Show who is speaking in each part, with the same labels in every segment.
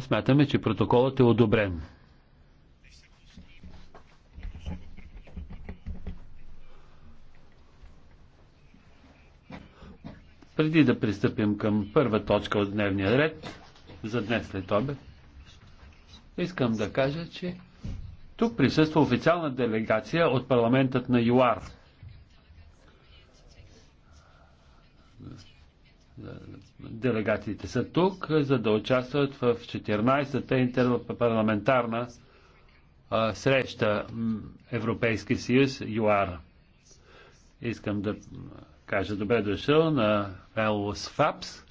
Speaker 1: Смятаме, че протоколът е одобрен. Преди да пристъпим към първа точка от дневния ред за днес след обед, искам да кажа, че тук присъства официална делегация от парламентът на ЮАР делегатите са тук, за да участват в 14-та интерпарламентарна среща Европейски съюз ЮАР. Искам да кажа добре дошъл на Елос Фапс,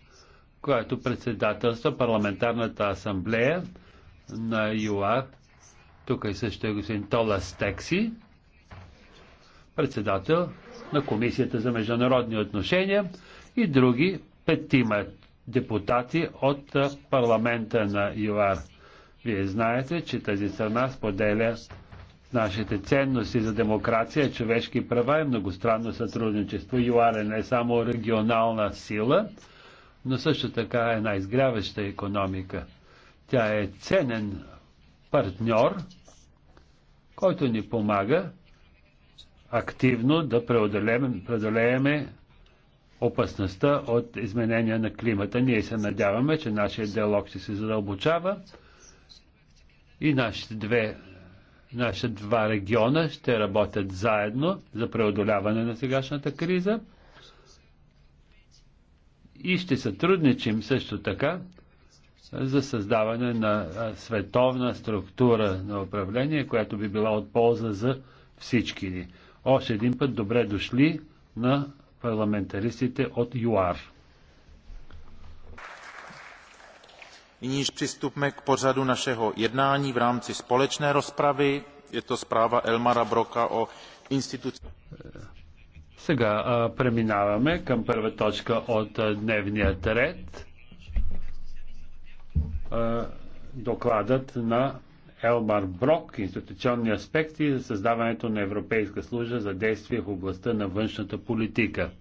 Speaker 1: която председателства парламентарната асамблея на ЮАР. Тук е също е господин Толас Текси, председател на Комисията за международни отношения и други петима депутати от парламента на ЮАР. Вие знаете, че тази страна споделя нашите ценности за демокрация, човешки права и многостранно сътрудничество. ЮАР е не само регионална сила, но също така е една изгряваща економика. Тя е ценен партньор, който ни помага активно да преодолеем, преодолееме опасността от изменения на климата. Ние се надяваме, че нашия диалог ще се задълбочава и нашите две нашите два региона ще работят заедно за преодоляване на сегашната криза и ще сътрудничим също така за създаване на световна структура на управление, която би била от полза за всички ни. Още един път добре дошли
Speaker 2: на парламентаристите от ЮАР. Nyní přistupme k pořadu našeho jednání v rámci společné rozpravy. Je to zpráva Elmara Broka o instituci.
Speaker 1: Сега а, преминаваме към първа точка от а, дневния ред. А, докладът на Елмар Брок, институционни аспекти за създаването на Европейска служба за действие в областта на външната политика.